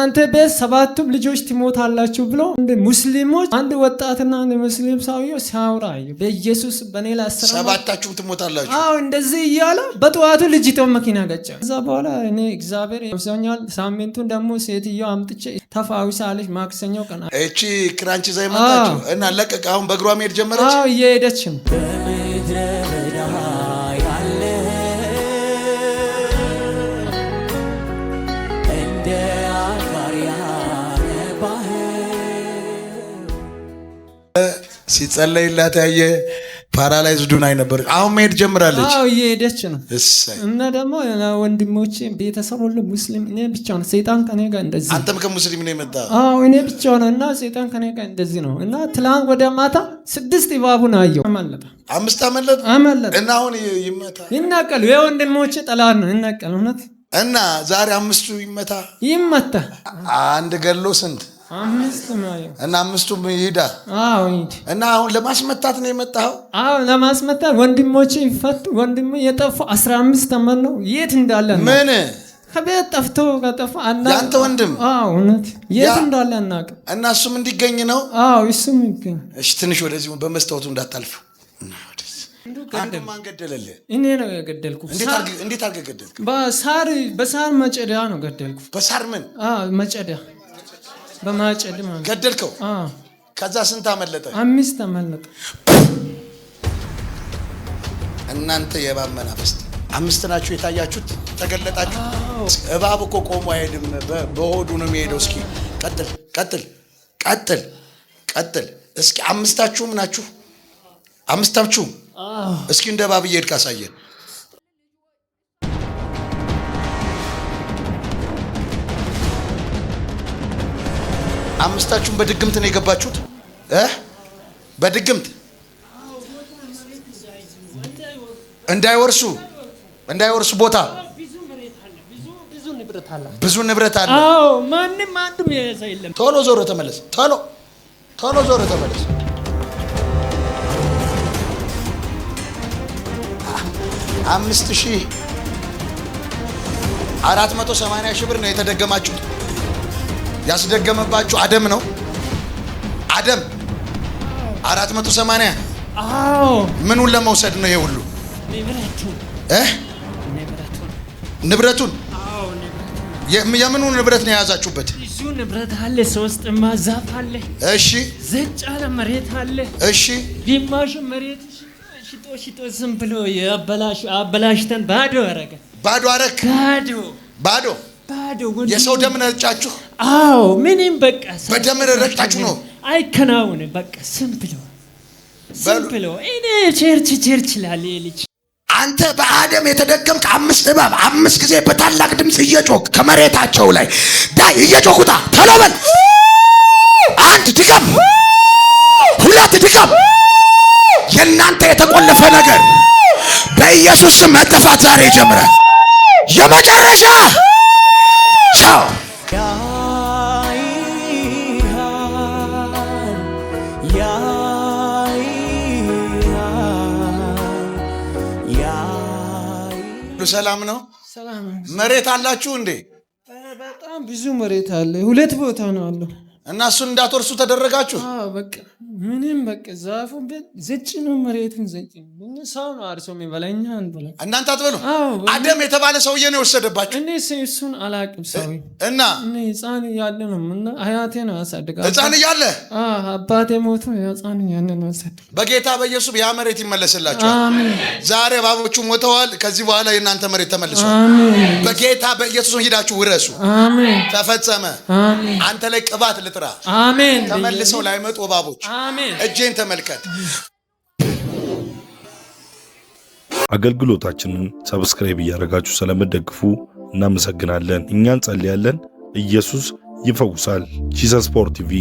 ከእናንተ ቤት ሰባቱም ልጆች ትሞታላችሁ ብሎ እንደ ሙስሊሞች አንድ ወጣትና አንድ ሙስሊም ሰውዬው ሲያወራ በኢየሱስ በኔ ላይ አስራ ሰባታችሁም ትሞታላችሁ። አዎ እንደዚህ እያለ በጠዋቱ ልጅቶ መኪና ገጨ። እዛ በኋላ እኔ እግዚአብሔር ይብሰኛል። ሳምንቱን ደግሞ ሴትዮ አምጥቼ ተፋዊሳለች። ማክሰኞ ቀን እቺ ክራንቺ ዛ መጣችሁ እና ለቀቀ። አሁን በእግሯ መሄድ ጀመረች። አዎ እየሄደች Yeah. ሲጸለይላት ያየ ዱን አይ ነበር። አሁን መሄድ ጀምራለች፣ እየሄደች ነው። እና ደግሞ ወንድሞች ቤተሰብ ሁሉ ሙስሊም፣ እኔ ብቻ ነው። ሰይጣን ከኔ ጋር እንደዚህ። አንተም ከሙስሊም ነው የመጣ? አዎ እኔ ብቻ ነው። እና ሰይጣን ከኔ ጋር እንደዚህ ነው። እና ትላንት ወደ ማታ ስድስት እባቡን አየሁ። አመለጠ፣ አምስት አመለጠ፣ አመለጠ። እና አሁን ይመታ ይናቀሉ፣ የወንድሞች ጠላት ነው ይናቀል። እውነት እና ዛሬ አምስቱ ይመታ፣ ይመታ። አንድ ገሎ ስንት እና አምስቱም ይሄዳል እና አሁን ለማስመታት ነው የመጣኸው? አዎ ለማስመታት። ወንድሞች ይፈቱ ወንድም የጠፉ አስራ አምስት አመት ነው የት እንዳለ ምን ከቤት ጠፍቶ ከጠፋ አና ያንተ ወንድም እውነት የት እንዳለ እናቀ እና እሱም እንዲገኝ ነው። አዎ እሱም ይገኝ። እሺ ትንሽ ወደዚህ በመስታወቱ እንዳታልፍ አንዱ ማን ገደለልህ? እኔ ነው የገደልኩ። እንዴት አድርገህ ገደልክ? በሳር መጨዳ ነው ገደልኩ። በሳር ምን መጨዳ ማለት ገደልከው። ከዛ ስንት አመለጠ? አምስት አመለጠ። እናንተ የእባብ መናፍስት አምስት ናችሁ። የታያችሁት ተገለጣችሁ። እባብ እኮ ቆሞ አይሄድም፣ በሆዱ ነው የሚሄደው። እስኪ ቀጥል፣ ቀጥል፣ ቀጥል፣ ቀጥል። እስኪ አምስታችሁም ናችሁ፣ አምስታችሁም። እስኪ እንደ እባብ እየሄድክ አሳየን። አምስታችሁን በድግምት ነው የገባችሁት እ በድግምት እንዳይወርሱ እንዳይወርሱ ቦታ ብዙ ንብረት አለ። አዎ ማንም አንድም የያዘ የለም። ቶሎ ዞሮ ተመለስ። ቶሎ ቶሎ ዞሮ ተመለስ። አምስት ሺህ አራት መቶ ሰማንያ ሺህ ብር ነው የተደገማችሁት። ያስደገመባችሁ አደም ነው። አደም አራት መቶ ምኑን ለመውሰድ ነው? ይሄ ሁሉ ንብረቱን የምኑን ንብረት ነው የያዛችሁበት? ብዙ ንብረት አለ። ሶስት ማዛፍ አለ። እሺ፣ ዘጭ ያለ መሬት አለ። እሺ፣ ግማሹ መሬት ሽጦ ሽጦ ዝም ብሎ አበላሽተን ባዶ አረገ። ባዶ አረግ። ባዶ ባዶ። የሰው ደም ነጫችሁ አዎ ምንም በቃ በደምር ረግጣችሁ ነው አይከናውን በቃ ስም ብሎ ስም ብሎ እኔ ቸርች ቸርች ላለ ልጅ አንተ በአደም የተደገምክ አምስት እባብ አምስት ጊዜ በታላቅ ድምፅ እየጮክ ከመሬታቸው ላይ ዳይ እየጮኩታ ተለበል አንድ ድቀም፣ ሁለት ድቀም። የእናንተ የተቆለፈ ነገር በኢየሱስ ስም መጠፋት ዛሬ ይጀምራል። የመጨረሻ ቻው ሁሉ ሰላም ነው። መሬት አላችሁ እንዴ? በጣም ብዙ መሬት አለ። ሁለት ቦታ ነው አለው እና እሱን እንዳትወርሱ ተደረጋችሁ። ምንም በቃ ዛፉ ዘጭ ነው፣ መሬቱን ዘጭ ሰው ነው አርሶ የሚበላኛ አንበላ። እናንተ አትበሉ። አደም የተባለ ሰውዬ ነው የወሰደባችሁ። እኔ እሱን አላቅም ሰው እና ህፃን እያለ ነው እና አያቴ ነው ያሳድጋ። ህፃን እያለ አባቴ ሞቶ ህፃን እያለ ነው ያሳድ። በጌታ በኢየሱስ ያ መሬት ይመለስላችኋል። ዛሬ ባቦቹ ሞተዋል። ከዚህ በኋላ የእናንተ መሬት ተመልሷል። በጌታ በኢየሱስ ሂዳችሁ ውረሱ። ተፈጸመ። አንተ ላይ ቅባት ልጥ ጥራ። አሜን። ተመልሰው ላይመጡ እባቦች። አሜን። እጄን ተመልከት። አገልግሎታችንን ሰብስክራይብ እያደረጋችሁ ስለምደግፉ እናመሰግናለን። እኛ እንጸልያለን፣ ኢየሱስ ይፈውሳል። ጂሰስ ፖር ቲቪ